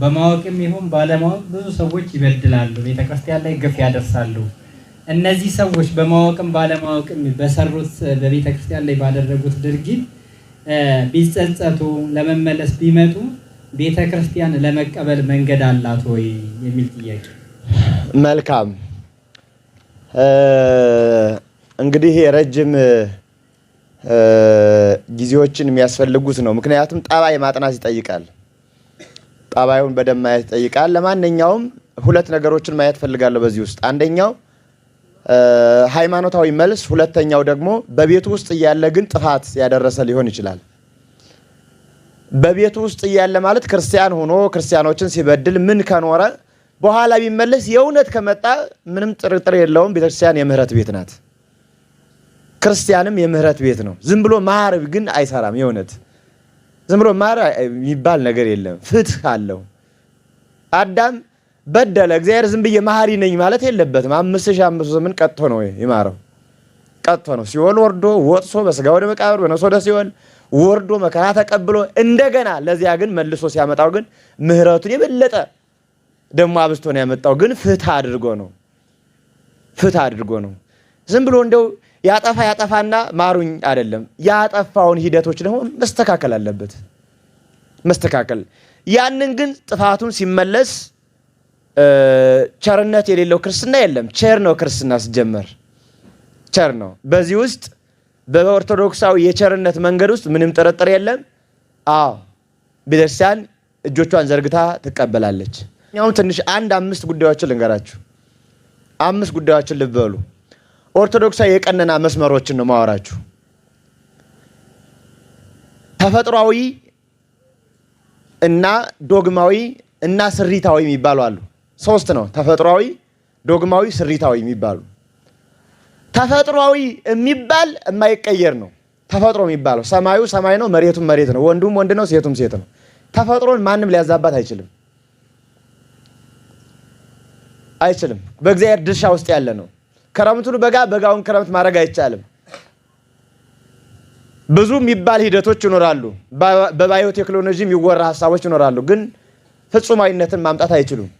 በማወቅም ይሁን ባለማወቅ ብዙ ሰዎች ይበድላሉ፣ ቤተክርስቲያን ላይ ግፍ ያደርሳሉ። እነዚህ ሰዎች በማወቅም ባለማወቅም በሰሩት በቤተክርስቲያን ላይ ባደረጉት ድርጊት ቢጸጸቱ ለመመለስ ቢመጡ ቤተክርስቲያን ለመቀበል መንገድ አላት ወይ የሚል ጥያቄ። መልካም እንግዲህ የረጅም ጊዜዎችን የሚያስፈልጉት ነው። ምክንያቱም ጠባይ ማጥናት ይጠይቃል። ጠባዩን በደንብ ማየት ይጠይቃል። ለማንኛውም ሁለት ነገሮችን ማየት ፈልጋለሁ በዚህ ውስጥ አንደኛው ሃይማኖታዊ መልስ፣ ሁለተኛው ደግሞ በቤቱ ውስጥ እያለ ግን ጥፋት ያደረሰ ሊሆን ይችላል። በቤቱ ውስጥ እያለ ማለት ክርስቲያን ሆኖ ክርስቲያኖችን ሲበድል ምን ከኖረ በኋላ ቢመለስ የእውነት ከመጣ ምንም ጥርጥር የለውም ቤተክርስቲያን የምህረት ቤት ናት፣ ክርስቲያንም የምህረት ቤት ነው። ዝም ብሎ ማዕረብ ግን አይሰራም የእውነት ዝም ብሎ ማር የሚባል ነገር የለም። ፍትህ አለው። አዳም በደለ። እግዚአብሔር ዝም ብዬ መሐሪ ነኝ ማለት የለበትም። አምስት ሺህ አምስት ዘመን ቀጥቶ ነው ይማረው ቀጥቶ ነው ሲኦል ወርዶ ወጥሶ በስጋ ወደ መቃብር በነፍስ ወደ ሲኦል ወርዶ መከራ ተቀብሎ እንደገና ለዚያ ግን መልሶ ሲያመጣው ግን ምህረቱን የበለጠ ደግሞ አብዝቶ ነው ያመጣው። ግን ፍትህ አድርጎ ነው ፍትህ አድርጎ ነው ዝም ብሎ እንደው ያጠፋ ያጠፋና ማሩኝ አይደለም፣ ያጠፋውን ሂደቶች ደግሞ መስተካከል አለበት። መስተካከል ያንን ግን ጥፋቱን ሲመለስ ቸርነት የሌለው ክርስትና የለም። ቸር ነው ክርስትና ሲጀመር ቸር ነው። በዚህ ውስጥ በኦርቶዶክሳዊ የቸርነት መንገድ ውስጥ ምንም ጥርጥር የለም። አዎ ቤተክርስቲያን እጆቿን ዘርግታ ትቀበላለች። እኛውም ትንሽ አንድ አምስት ጉዳዮችን ልንገራችሁ። አምስት ጉዳዮችን ልበሉ። ኦርቶዶክሳዊ የቀነና መስመሮችን ነው ማወራችሁ። ተፈጥሯዊ እና ዶግማዊ እና ስሪታዊ የሚባሉ አሉ። ሶስት ነው፣ ተፈጥሯዊ፣ ዶግማዊ፣ ስሪታዊ የሚባሉ። ተፈጥሯዊ የሚባል የማይቀየር ነው። ተፈጥሮ የሚባለው ሰማዩ ሰማይ ነው፣ መሬቱም መሬት ነው፣ ወንዱም ወንድ ነው፣ ሴቱም ሴት ነው። ተፈጥሮን ማንም ሊያዛባት አይችልም አይችልም። በእግዚአብሔር ድርሻ ውስጥ ያለ ነው። ክረምቱን በጋ በጋውን ክረምት ማድረግ አይቻልም። ብዙ የሚባል ሂደቶች ይኖራሉ። በባዮቴክኖሎጂ የሚወራ ሀሳቦች ይኖራሉ። ግን ፍጹማዊነትን ማምጣት አይችሉም፣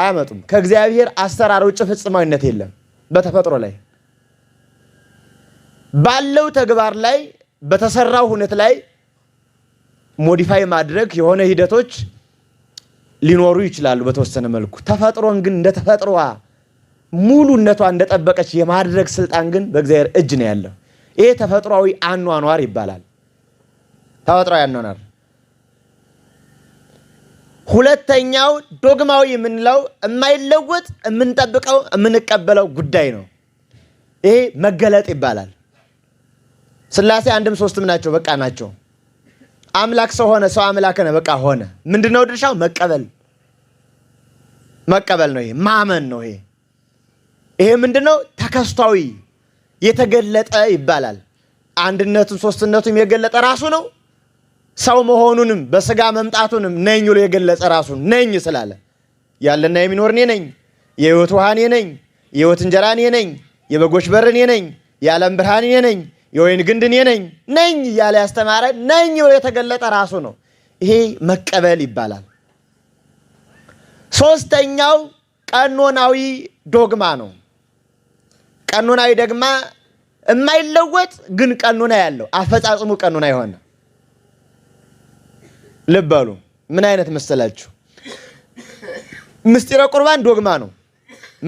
አያመጡም። ከእግዚአብሔር አሰራር ውጭ ፍጹማዊነት የለም በተፈጥሮ ላይ ባለው ተግባር ላይ በተሰራው ሁነት ላይ ሞዲፋይ ማድረግ የሆነ ሂደቶች ሊኖሩ ይችላሉ በተወሰነ መልኩ ተፈጥሮን ግን እንደ ተፈጥሮዋ ሙሉነቷ እንደጠበቀች የማድረግ ስልጣን ግን በእግዚአብሔር እጅ ነው ያለው። ይሄ ተፈጥሯዊ አኗኗር ይባላል። ተፈጥሯዊ አኗኗር። ሁለተኛው ዶግማዊ የምንለው የማይለወጥ የምንጠብቀው የምንቀበለው ጉዳይ ነው። ይሄ መገለጥ ይባላል። ስላሴ አንድም ሶስትም ናቸው፣ በቃ ናቸው። አምላክ ሰው ሆነ፣ ሰው አምላክ ነ በቃ ሆነ። ምንድነው ድርሻው? መቀበል መቀበል ነው። ይሄ ማመን ነው። ይሄ ይሄ ምንድነው? ተከስቷዊ የተገለጠ ይባላል። አንድነቱን ሶስትነቱም የገለጠ ራሱ ነው። ሰው መሆኑንም በስጋ መምጣቱንም ነኝ ብሎ የገለጸ ራሱ ነኝ ስላለ ያለና የሚኖር እኔ ነኝ፣ የህይወት ውሃ እኔ ነኝ፣ የህይወት እንጀራ እኔ ነኝ፣ የበጎች በር እኔ ነኝ፣ የዓለም ብርሃን እኔ ነኝ፣ የወይን ግንድ እኔ ነኝ ነኝ እያለ ያስተማረ ነኝ ብሎ የተገለጠ ራሱ ነው። ይሄ መቀበል ይባላል። ሶስተኛው ቀኖናዊ ዶግማ ነው። ቀኖናዊ ደግማ የማይለወጥ ግን ቀኖና ያለው አፈጻጽሙ ቀኖና የሆነ ልበሉ ምን አይነት መሰላችሁ? ምስጢረ ቁርባን ዶግማ ነው።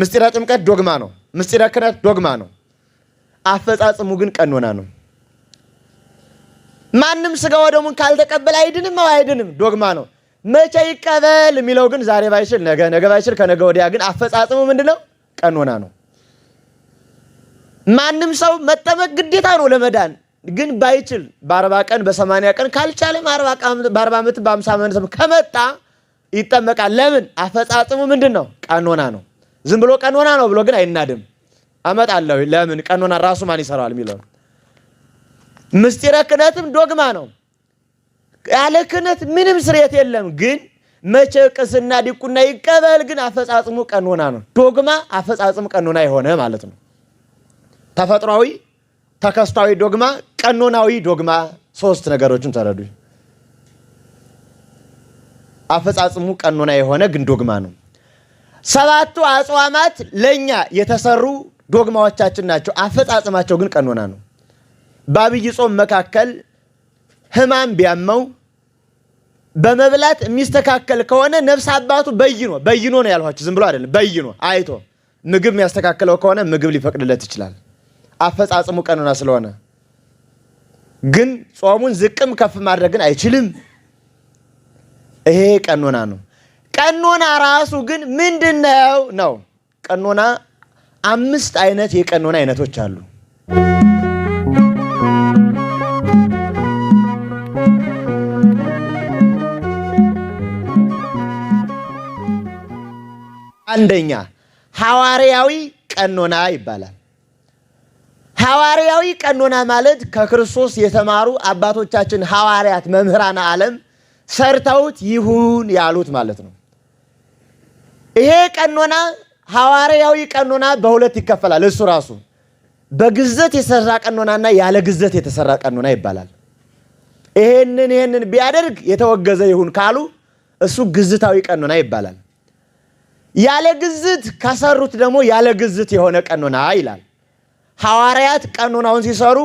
ምስጢረ ጥምቀት ዶግማ ነው። ምስጢረ ክነት ዶግማ ነው። አፈጻጽሙ ግን ቀኖና ነው። ማንም ስጋ ወደሙን ካልተቀበለ አይድንም ነው አይድንም፣ ዶግማ ነው። መቼ ይቀበል የሚለው ግን ዛሬ ባይችል ነገ፣ ነገ ባይችል ከነገ ወዲያ ግን አፈጻጽሙ ምንድነው? ቀኖና ነው። ማንም ሰው መጠመቅ ግዴታ ነው ለመዳን። ግን ባይችል በአርባ ቀን በሰማንያ ቀን ካልቻለም በአርባ ዓመት በአምሳ ዓመት ከመጣ ይጠመቃል። ለምን? አፈጻጽሙ ምንድን ነው? ቀኖና ነው። ዝም ብሎ ቀኖና ነው ብሎ ግን አይናድም። አመጣለሁ ለምን? ቀኖና ራሱ ማን ይሰራዋል የሚለው ምስጢረ ክህነትም ዶግማ ነው። ያለ ክህነት ምንም ስርየት የለም። ግን መቼ ቅስና ዲቁና ይቀበል? ግን አፈጻጽሙ ቀኖና ነው። ዶግማ አፈጻጽሙ ቀኖና የሆነ ማለት ነው። ተፈጥሯዊ፣ ተከስቷዊ ዶግማ፣ ቀኖናዊ ዶግማ። ሶስት ነገሮችን ተረዱ። አፈጻጽሙ ቀኖና የሆነ ግን ዶግማ ነው። ሰባቱ አጽዋማት ለእኛ የተሰሩ ዶግማዎቻችን ናቸው። አፈጻጽማቸው ግን ቀኖና ነው። በአብይ ጾም መካከል ህማም ቢያመው በመብላት የሚስተካከል ከሆነ ነፍስ አባቱ በይኖ በይኖ ነው ያልኋቸው፣ ዝም ብሎ አይደለም፣ በይኖ አይቶ ምግብ የሚያስተካክለው ከሆነ ምግብ ሊፈቅድለት ይችላል። አፈጻጽሙ ቀኖና ስለሆነ ግን ጾሙን ዝቅም ከፍ ማድረግን አይችልም። ይሄ ቀኖና ነው። ቀኖና ራሱ ግን ምንድነው ነው? ቀኖና አምስት አይነት የቀኖና አይነቶች አሉ። አንደኛ ሐዋርያዊ ቀኖና ይባላል። ሐዋርያዊ ቀኖና ማለት ከክርስቶስ የተማሩ አባቶቻችን ሐዋርያት መምህራን ዓለም ሰርተውት ይሁን ያሉት ማለት ነው። ይሄ ቀኖና ሐዋርያዊ ቀኖና በሁለት ይከፈላል። እሱ ራሱ በግዘት የተሰራ ቀኖናና ያለ ግዘት የተሰራ ቀኖና ይባላል። ይሄንን ይሄንን ቢያደርግ የተወገዘ ይሁን ካሉ እሱ ግዝታዊ ቀኖና ይባላል። ያለ ግዝት ከሰሩት ደግሞ ያለ ግዝት የሆነ ቀኖና ይላል። ሐዋርያት ቀኖናውን ሲሰሩ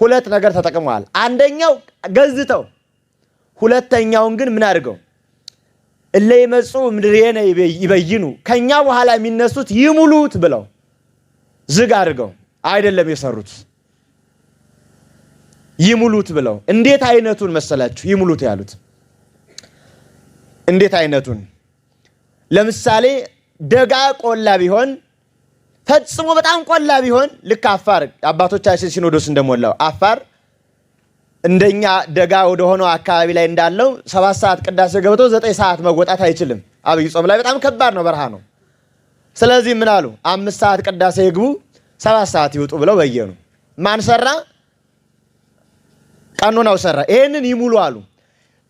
ሁለት ነገር ተጠቅመዋል። አንደኛው ገዝተው፣ ሁለተኛውን ግን ምን አድርገው እለ ይመጹ እምድሬነ ይበይኑ ከኛ በኋላ የሚነሱት ይሙሉት ብለው ዝግ አድርገው አይደለም የሰሩት። ይሙሉት ብለው እንዴት አይነቱን መሰላችሁ? ይሙሉት ያሉት እንዴት አይነቱን ለምሳሌ ደጋ ቆላ ቢሆን ፈጽሞ በጣም ቆላ ቢሆን ልክ አፋር አባቶቻችን ሲኖዶስ እንደሞላው አፋር እንደኛ ደጋ ወደሆነው አካባቢ ላይ እንዳለው ሰባት ሰዓት ቅዳሴ ገብቶ ዘጠኝ ሰዓት መወጣት አይችልም። አብይ ጾም ላይ በጣም ከባድ ነው፣ በረሃ ነው። ስለዚህ ምን አሉ? አምስት ሰዓት ቅዳሴ ይግቡ፣ ሰባት ሰዓት ይውጡ ብለው በየኑ። ማን ሰራ? ቀኖናው ሰራ። ይህንን ይሙሉ አሉ።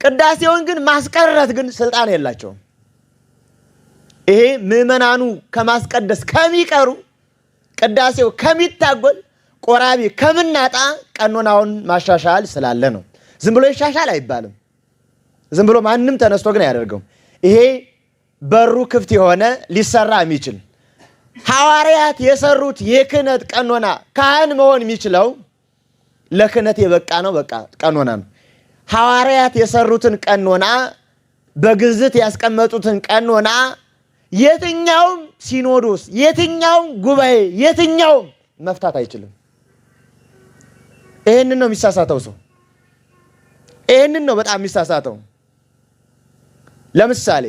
ቅዳሴውን ግን ማስቀረት ግን ስልጣን የላቸውም። ይሄ ምዕመናኑ ከማስቀደስ ከሚቀሩ ቅዳሴው ከሚታጎል ቆራቢ ከምናጣ ቀኖናውን ማሻሻል ስላለ ነው። ዝም ብሎ ይሻሻል አይባልም። ዝም ብሎ ማንም ተነስቶ ግን አያደርገውም። ይሄ በሩ ክፍት የሆነ ሊሰራ የሚችል ሐዋርያት የሰሩት የክህነት ቀኖና ካህን መሆን የሚችለው ለክህነት የበቃ ነው። በቃ ቀኖና ነው። ሐዋርያት የሰሩትን ቀኖና በግዝት ያስቀመጡትን ቀኖና የትኛውም ሲኖዶስ፣ የትኛውም ጉባኤ፣ የትኛውም መፍታት አይችልም። ይህንን ነው የሚሳሳተው ሰው። ይህንን ነው በጣም የሚሳሳተው። ለምሳሌ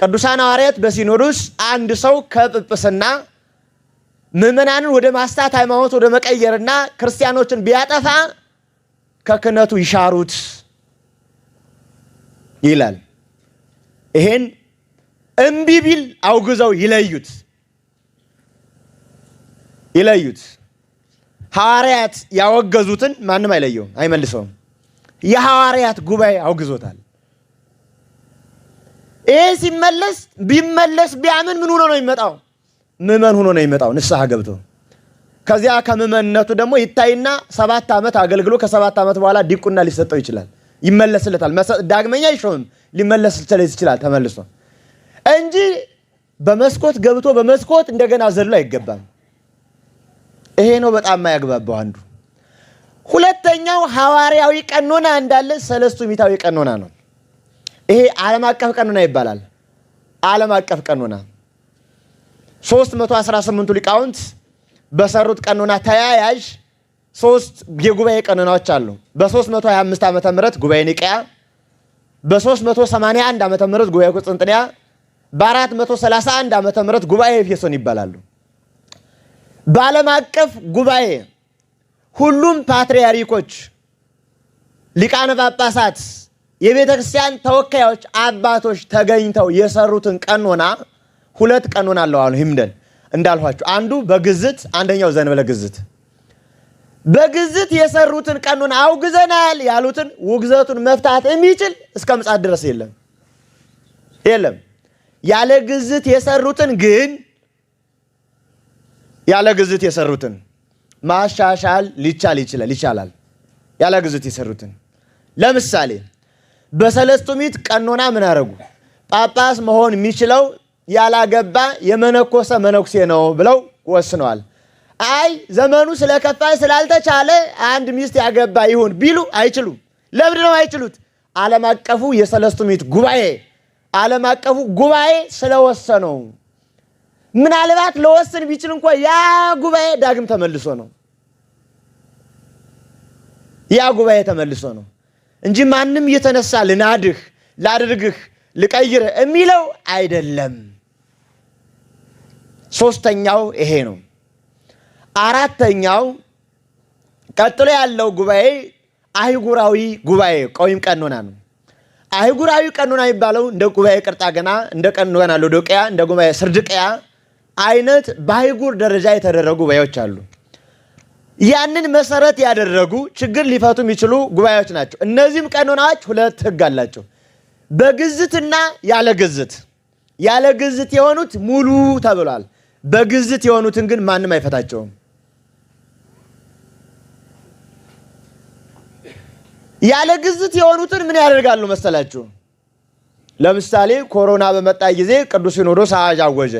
ቅዱሳን ሐዋርያት በሲኖዶስ አንድ ሰው ከጵጵስና ምዕመናንን ወደ ማስታት ሃይማኖት ወደ መቀየርና ክርስቲያኖችን ቢያጠፋ ከክህነቱ ይሻሩት ይላል። ይሄን እምቢ ቢል አውግዘው ይለዩት ይለዩት። ሐዋርያት ያወገዙትን ማንም አይለየውም፣ አይመልሰውም። የሐዋርያት ጉባኤ አውግዞታል። ይህ ሲመለስ ቢመለስ ቢያምን ምን ሆኖ ነው የሚመጣው? ምዕመን ሆኖ ነው የሚመጣው ንስሐ ገብቶ ከዚያ ከምዕመንነቱ ደግሞ ይታይና ሰባት ዓመት አገልግሎ ከሰባት ዓመት በኋላ ዲቁና ሊሰጠው ይችላል። ይመለስለታል። ዳግመኛ አይሾምም። ሊመለስ ይችላል ተመልሶ እንጂ በመስኮት ገብቶ በመስኮት እንደገና ዘሎ አይገባም። ይሄ ነው በጣም የማያግባባው አንዱ። ሁለተኛው ሐዋርያዊ ቀኖና እንዳለ ሰለስቱ ሚታዊ ቀኖና ነው። ይሄ ዓለም አቀፍ ቀኖና ይባላል። ዓለም አቀፍ ቀኖና 318ቱ ሊቃውንት በሰሩት ቀኖና ተያያዥ ሶስት የጉባኤ ቀኖናዎች አሉ። በ325 ዓ ም ጉባኤ ኒቅያ፣ በ381 ዓ ም ጉባኤ ቁስጥንጥንያ በ431 ዓመተ ምህረት ጉባኤ ኤፌሶን ይባላሉ። በዓለም አቀፍ ጉባኤ ሁሉም ፓትርያርኮች፣ ሊቃነ ጳጳሳት፣ የቤተ ክርስቲያን ተወካዮች፣ አባቶች ተገኝተው የሰሩትን ቀኖና ሁለት ቀኖና አለው አሉ ሂምደን እንዳልኋቸው አንዱ በግዝት አንደኛው ዘንበለ ግዝት። በግዝት የሰሩትን ቀኖና አውግዘናል ያሉትን ውግዘቱን መፍታት የሚችል እስከ ምጽአት ድረስ የለም የለም ያለ ግዝት የሰሩትን ግን ያለ ግዝት የሰሩትን ማሻሻል ሊቻል ይችላል ይቻላል። ያለ ግዝት የሰሩትን ለምሳሌ በሰለስቱ ምዕት ቀኖና ምን አረጉ? ጳጳስ መሆን የሚችለው ያላገባ የመነኮሰ መነኩሴ ነው ብለው ወስነዋል። አይ ዘመኑ ስለከፋይ ስላልተቻለ አንድ ሚስት ያገባ ይሁን ቢሉ አይችሉም። ለምድነው ነው አይችሉት? ዓለም አቀፉ የሰለስቱ ምዕት ጉባኤ ዓለም አቀፉ ጉባኤ ስለወሰነው ምናልባት ለወሰን ቢችል እንኳ ያ ጉባኤ ዳግም ተመልሶ ነው ያ ጉባኤ ተመልሶ ነው እንጂ ማንም እየተነሳ ልናድህ፣ ላድርግህ፣ ልቀይር የሚለው አይደለም። ሶስተኛው ይሄ ነው። አራተኛው ቀጥሎ ያለው ጉባኤ አህጉራዊ ጉባኤ ቆይም ቀኖና ነው። አይጉራዊ ቀኖና የሚባለው እንደ ጉባኤ ቅርጣ ገና እንደ ቀኖና ሎዶቅያ እንደ ጉባኤ ስርድቅያ አይነት በአይጉር ደረጃ የተደረጉ ጉባኤዎች አሉ። ያንን መሰረት ያደረጉ ችግር ሊፈቱ የሚችሉ ጉባኤዎች ናቸው። እነዚህም ቀኖናዎች ሁለት ህግ አላቸው፣ በግዝትና ያለ ግዝት። ያለ ግዝት የሆኑት ሙሉ ተብሏል። በግዝት የሆኑትን ግን ማንም አይፈታቸውም። ያለ ግዝት የሆኑትን ምን ያደርጋሉ መሰላችሁ? ለምሳሌ ኮሮና በመጣ ጊዜ ቅዱስ ሲኖዶስ አዋጅ አወጀ።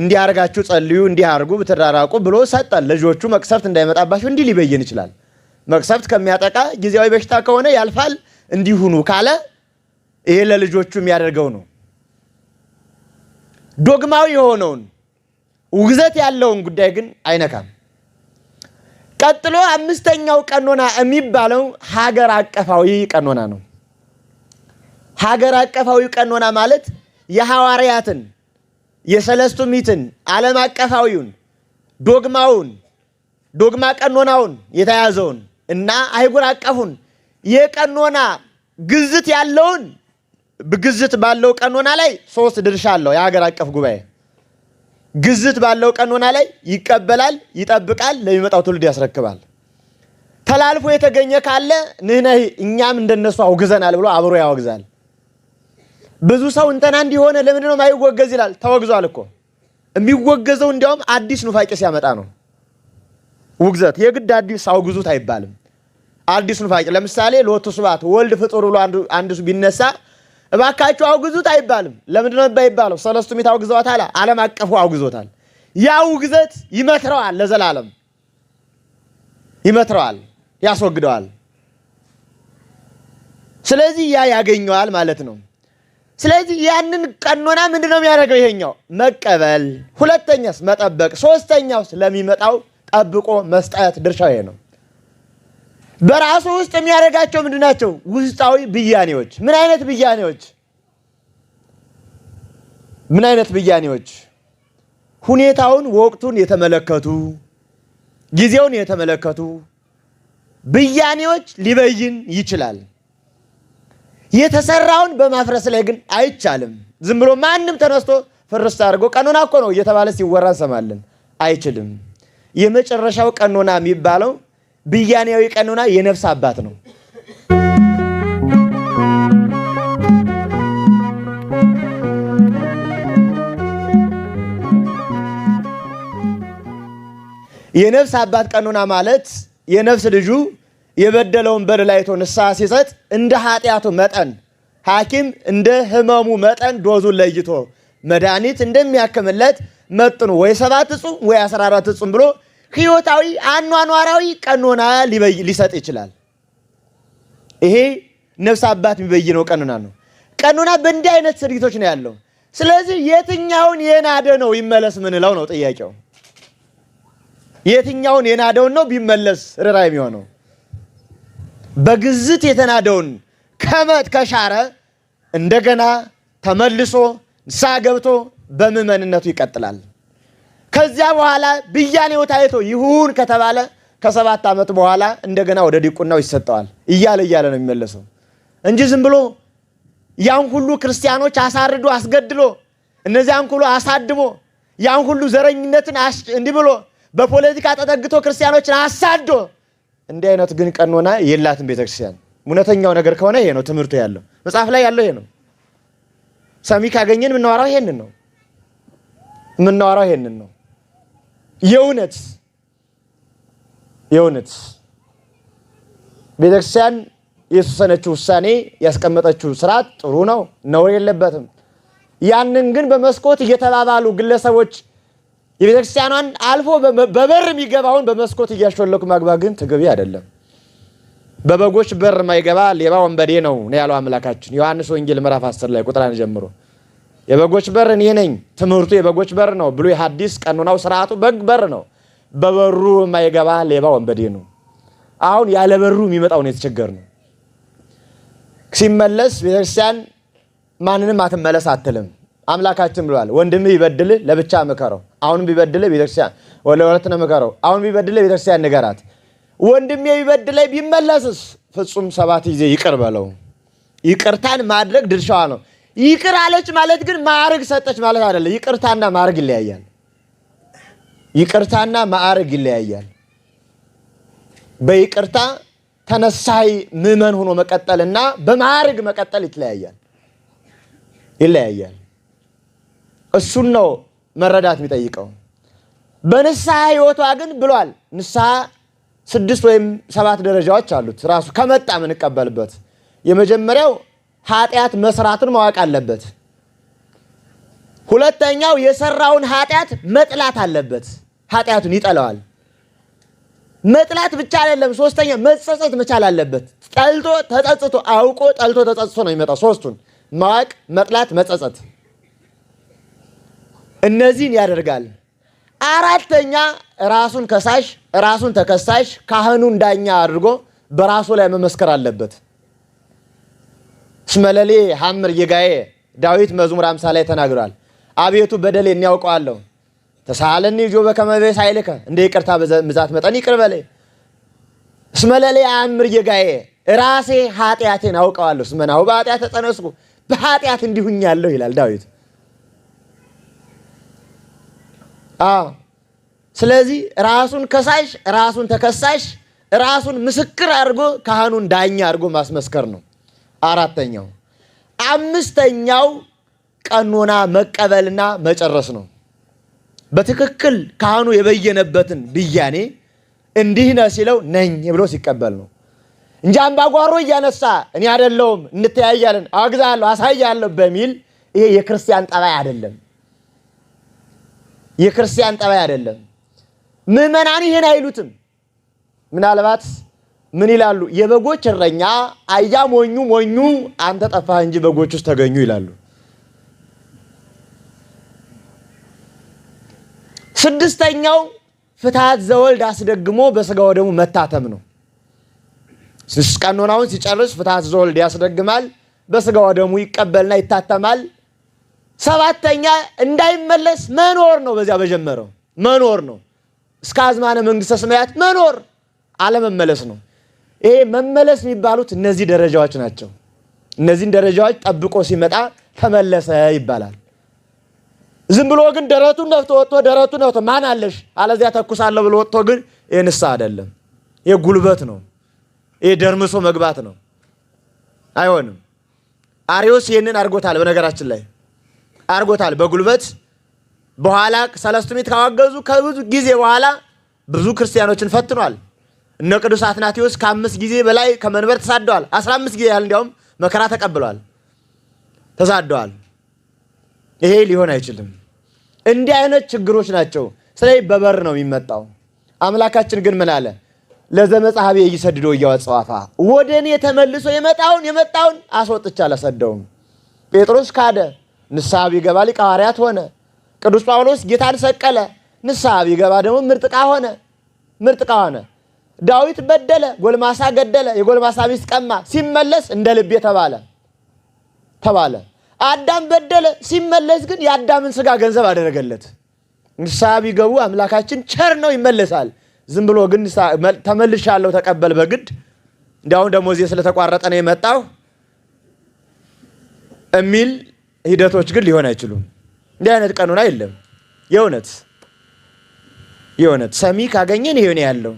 እንዲህ አርጋችሁ ጸልዩ፣ እንዲህ አርጉ፣ ብትራራቁ ብሎ ሰጠን። ልጆቹ መቅሰፍት እንዳይመጣባቸው እንዲህ ሊበይን ይችላል። መቅሰፍት ከሚያጠቃ ጊዜያዊ በሽታ ከሆነ ያልፋል፣ እንዲሁኑ ካለ ይሄ ለልጆቹ የሚያደርገው ነው። ዶግማዊ የሆነውን ውግዘት ያለውን ጉዳይ ግን አይነካም። ቀጥሎ አምስተኛው ቀኖና የሚባለው ሀገር አቀፋዊ ቀኖና ነው። ሀገር አቀፋዊ ቀኖና ማለት የሐዋርያትን የሰለስቱ ምዕትን ዓለም አቀፋዊውን ዶግማውን ዶግማ ቀኖናውን የተያዘውን እና አይጉር አቀፉን የቀኖና ግዝት ያለውን ግዝት ባለው ቀኖና ላይ ሶስት ድርሻ አለው የሀገር አቀፍ ጉባኤ ግዝት ባለው ቀኖና ላይ ይቀበላል፣ ይጠብቃል፣ ለሚመጣው ትውልድ ያስረክባል። ተላልፎ የተገኘ ካለ ንህነህ እኛም እንደነሱ አውግዘናል ብሎ አብሮ ያወግዛል። ብዙ ሰው እንተና እንዲሆነ ለምንድን ነው ማይወገዝ ይላል። ተወግዟል እኮ የሚወገዘው እንዲያውም አዲስ ኑፋቄ ሲያመጣ ነው። ውግዘት የግድ አዲስ አውግዙት አይባልም። አዲስ ኑፋቄ ለምሳሌ ሎቱ ስባት ወልድ ፍጡር ብሎ አንዱ ቢነሳ እባካችሁ አውግዙት አይባልም። ለምንድን ነው ባይባለው? ሰለስቱ ምዕት አውግዘዋታል። ዓለም አቀፉ አውግዞታል። ያ ውግዘት ይመትረዋል፣ ለዘላለም ይመትረዋል፣ ያስወግደዋል። ስለዚህ ያ ያገኘዋል ማለት ነው። ስለዚህ ያንን ቀኖና ምንድን ነው የሚያደርገው? ይሄኛው መቀበል፣ ሁለተኛስ መጠበቅ፣ ሶስተኛውስ ለሚመጣው ጠብቆ መስጠት። ድርሻው ይሄ ነው። በራሱ ውስጥ የሚያደርጋቸው ምንድን ናቸው? ውስጣዊ ብያኔዎች። ምን አይነት ብያኔዎች? ምን አይነት ብያኔዎች? ሁኔታውን ወቅቱን የተመለከቱ ጊዜውን የተመለከቱ ብያኔዎች ሊበይን ይችላል። የተሰራውን በማፍረስ ላይ ግን አይቻልም። ዝም ብሎ ማንም ተነስቶ ፍርስ አድርጎ ቀኖና እኮ ነው እየተባለ ሲወራ እንሰማለን። አይችልም። የመጨረሻው ቀኖና የሚባለው ብያኔያዊ ቀኖና የነፍስ አባት ነው። የነፍስ አባት ቀኖና ማለት የነፍስ ልጁ የበደለውን በደል አይቶ ንስሐ ሲሰጥ እንደ ኃጢአቱ መጠን ሐኪም እንደ ህመሙ መጠን ዶዙን ለይቶ መድኃኒት እንደሚያክምለት መጥኑ ወይ ሰባት እጹም ወይ አስራ አራት እጹም ብሎ ህይወታዊ አኗኗራዊ ቀኖና ሊሰጥ ይችላል። ይሄ ነፍስ አባት የሚበይነው ቀኖና ነው። ቀኖና በእንዲህ አይነት ስርጊቶች ነው ያለው። ስለዚህ የትኛውን የናደ ነው ይመለስ ምንለው ነው ጥያቄው። የትኛውን የናደውን ነው ቢመለስ ርራ የሚሆነው? በግዝት የተናደውን ከመት ከሻረ እንደገና ተመልሶ ንስሐ ገብቶ በምዕመንነቱ ይቀጥላል። ከዚያ በኋላ ብያኔው ታይቶ ይሁን ከተባለ ከሰባት ዓመት በኋላ እንደገና ወደ ዲቁናው ይሰጠዋል። እያለ እያለ ነው የሚመለሰው እንጂ ዝም ብሎ ያን ሁሉ ክርስቲያኖች አሳርዶ አስገድሎ እነዚያን ሁሉ አሳድቦ ያን ሁሉ ዘረኝነትን እንዲህ ብሎ በፖለቲካ ተጠግቶ ክርስቲያኖችን አሳዶ እንዲህ አይነት ግን ቀኖና የላትም ቤተክርስቲያን። እውነተኛው ነገር ከሆነ ይሄ ነው ትምህርቱ ያለው መጽሐፍ ላይ ያለው ይሄ ነው። ሰሚ ካገኘን የምናወራው ይሄንን ነው የምናወራው ይሄንን ነው። የእውነት የእውነት ቤተክርስቲያን የወሰነችው ውሳኔ ያስቀመጠችው ስርዓት ጥሩ ነው፣ ነውር የለበትም። ያንን ግን በመስኮት እየተባባሉ ግለሰቦች የቤተክርስቲያኗን አልፎ በበር የሚገባውን በመስኮት እያሾለኩ ማግባ ግን ተገቢ አይደለም። በበጎች በር ማይገባ ሌባ ወንበዴ ነው ነው ያለው አምላካችን ዮሐንስ ወንጌል ምዕራፍ 10 ላይ ቁጥር አንድ ጀምሮ የበጎች በር እኔ ነኝ። ትምህርቱ የበጎች በር ነው። ብሉይ ሐዲስ፣ ቀኖናው ስርዓቱ በግ በር ነው። በበሩ የማይገባ ሌባ ወንበዴ ነው። አሁን ያለ በሩ የሚመጣው ነው የተቸገር ነው። ሲመለስ ቤተክርስቲያን ማንንም አትመለስ አትልም። አምላካችን ብሏል፣ ወንድምህ ቢበድል ለብቻ ምከረው፣ አሁንም ቢበድል ቤተክርስቲያን ለሁለት ነው ምከረው፣ አሁን ቢበድል ቤተክርስቲያን ንገራት። ወንድሜ ቢበድለኝ ቢመለስስ ፍጹም ሰባት ጊዜ ይቅር በለው። ይቅርታን ማድረግ ድርሻዋ ነው። ይቅር አለች ማለት ግን ማዕርግ ሰጠች ማለት አይደለም። ይቅርታና ማዕርግ ይለያያል። ይቅርታና ማዕርግ ይለያያል። በይቅርታ ተነሳይ ምዕመን ሆኖ መቀጠልና በማዕርግ መቀጠል ይለያያል ይለያያል። እሱን ነው መረዳት የሚጠይቀው። በንስሐ ህይወቷ ግን ብሏል። ንስሐ ስድስት ወይም ሰባት ደረጃዎች አሉት። ራሱ ከመጣ የምንቀበልበት የመጀመሪያው ኃጢአት መስራቱን ማወቅ አለበት። ሁለተኛው የሰራውን ኃጢአት መጥላት አለበት። ኃጢአቱን ይጠላዋል። መጥላት ብቻ አይደለም፣ ሶስተኛ መጸጸት መቻል አለበት። ጠልቶ ተጸጽቶ አውቆ ጠልቶ ተጸጽቶ ነው የሚመጣው። ሶስቱን ማወቅ፣ መጥላት፣ መጸጸት እነዚህን ያደርጋል። አራተኛ ራሱን ከሳሽ ራሱን ተከሳሽ ካህኑን ዳኛ አድርጎ በራሱ ላይ መመስከር አለበት። ስመለሌ ሐምር ይጋዬ ዳዊት መዝሙር አምሳ ላይ ተናግሯል። አቤቱ በደሌ እያውቀዋለሁ ተሳለኒ ጆበ ከመ በሳይልከ እንደ ይቅርታ ብዛት መጠን ይቅር በለኝ። እስመለሌ አእምር የጋዬ ራሴ ኃጢአቴን አውቀዋለሁ። እስመናሁ በኃጢአት ተጸነስኩ በኃጢአት እንዲሁኛለሁ ይላል ዳዊት። አዎ ስለዚህ ራሱን ከሳሽ ራሱን ተከሳሽ ራሱን ምስክር አድርጎ ካህኑን ዳኛ አድርጎ ማስመስከር ነው። አራተኛው አምስተኛው ቀኖና መቀበልና መጨረስ ነው። በትክክል ካህኑ የበየነበትን ብያኔ እንዲህ ነ ሲለው ነኝ ብሎ ሲቀበል ነው እንጂ አምባጓሮ እያነሳ እኔ አደለውም እንተያያለን፣ አግዛለሁ፣ አሳያለሁ በሚል ይሄ የክርስቲያን ጠባይ አይደለም። የክርስቲያን ጠባይ አደለም። ምዕመናን ይሄን አይሉትም ምናልባት ምን ይላሉ? የበጎች እረኛ አያ ሞኙ ሞኙ አንተ ጠፋህ እንጂ በጎች ውስጥ ተገኙ ይላሉ። ስድስተኛው ፍትሐት ዘወልድ አስደግሞ በስጋው ደግሞ መታተም ነው። ቀኖናውን ሲጨርስ ፍትሐት ዘወልድ ያስደግማል፣ በስጋው ደግሞ ይቀበልና ይታተማል። ሰባተኛ እንዳይመለስ መኖር ነው። በዚያ በጀመረው መኖር ነው። እስከ አዝማነ መንግስተ ሰማያት መኖር አለመመለስ ነው። ይሄ መመለስ የሚባሉት እነዚህ ደረጃዎች ናቸው። እነዚህን ደረጃዎች ጠብቆ ሲመጣ ተመለሰ ይባላል። ዝም ብሎ ግን ደረቱን ነፍቶ ወጥቶ ደረቱን ነፍቶ ማን አለሽ አለዚያ ተኩሳለሁ ብሎ ወጥቶ ግን ይህ ንስሐ አይደለም። ይህ ጉልበት ነው። ይህ ደርምሶ መግባት ነው። አይሆንም። አሪዮስ ይህንን አድርጎታል። በነገራችን ላይ አድርጎታል በጉልበት በኋላ ሰለስቱ ምዕት ካወገዙ ከብዙ ጊዜ በኋላ ብዙ ክርስቲያኖችን ፈትኗል። እነ ቅዱስ አትናቴዎስ ከአምስት ጊዜ በላይ ከመንበር ተሳደዋል። አስራ አምስት ጊዜ ያህል እንዲያውም መከራ ተቀብለዋል፣ ተሳደዋል። ይሄ ሊሆን አይችልም። እንዲህ አይነት ችግሮች ናቸው። ስለዚህ በበር ነው የሚመጣው። አምላካችን ግን ምን አለ? ለዘመጽሐቤ እየሰድዶ እያወጸዋፋ ወደ እኔ ተመልሶ የመጣውን የመጣውን አስወጥቼ አላሰደውም። ጴጥሮስ ካደ፣ ንስሐ ቢገባ ሊቀ ሐዋርያት ሆነ። ቅዱስ ጳውሎስ ጌታን ሰቀለ፣ ንስሐ ቢገባ ደግሞ ምርጥቃ ሆነ፣ ምርጥቃ ሆነ። ዳዊት በደለ፣ ጎልማሳ ገደለ፣ የጎልማሳ ሚስት ቀማ፣ ሲመለስ እንደ ልቤ ተባለ ተባለ። አዳም በደለ፣ ሲመለስ ግን የአዳምን ስጋ ገንዘብ አደረገለት። ንስሐ ቢገቡ አምላካችን ቸር ነው፣ ይመለሳል። ዝም ብሎ ግን ተመልሻለሁ ተቀበል በግድ እንዲያውም እዚህ ስለተቋረጠ ነው የመጣው የሚል ሂደቶች ግን ሊሆን አይችሉም። እንዲህ አይነት ቀኑና የለም። የእውነት የእውነት ሰሚ ካገኘን ይሄ ነው ያለው።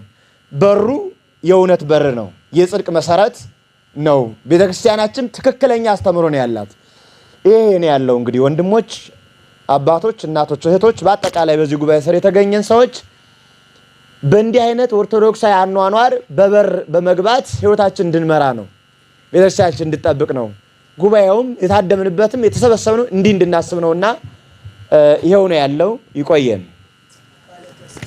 በሩ የእውነት በር ነው፣ የጽድቅ መሰረት ነው። ቤተ ክርስቲያናችን ትክክለኛ አስተምሮ ነው ያላት። ይሄ ነው ያለው። እንግዲህ ወንድሞች፣ አባቶች፣ እናቶች፣ እህቶች በአጠቃላይ በዚህ ጉባኤ ስር የተገኘን ሰዎች በእንዲህ አይነት ኦርቶዶክሳዊ አኗኗር በበር በመግባት ህይወታችን እንድንመራ ነው፣ ቤተክርስቲያናችን እንድጠብቅ ነው። ጉባኤውም የታደምንበትም የተሰበሰብነው እንዲህ እንድናስብ እና ይኸው ነው ያለው። ይቆየን።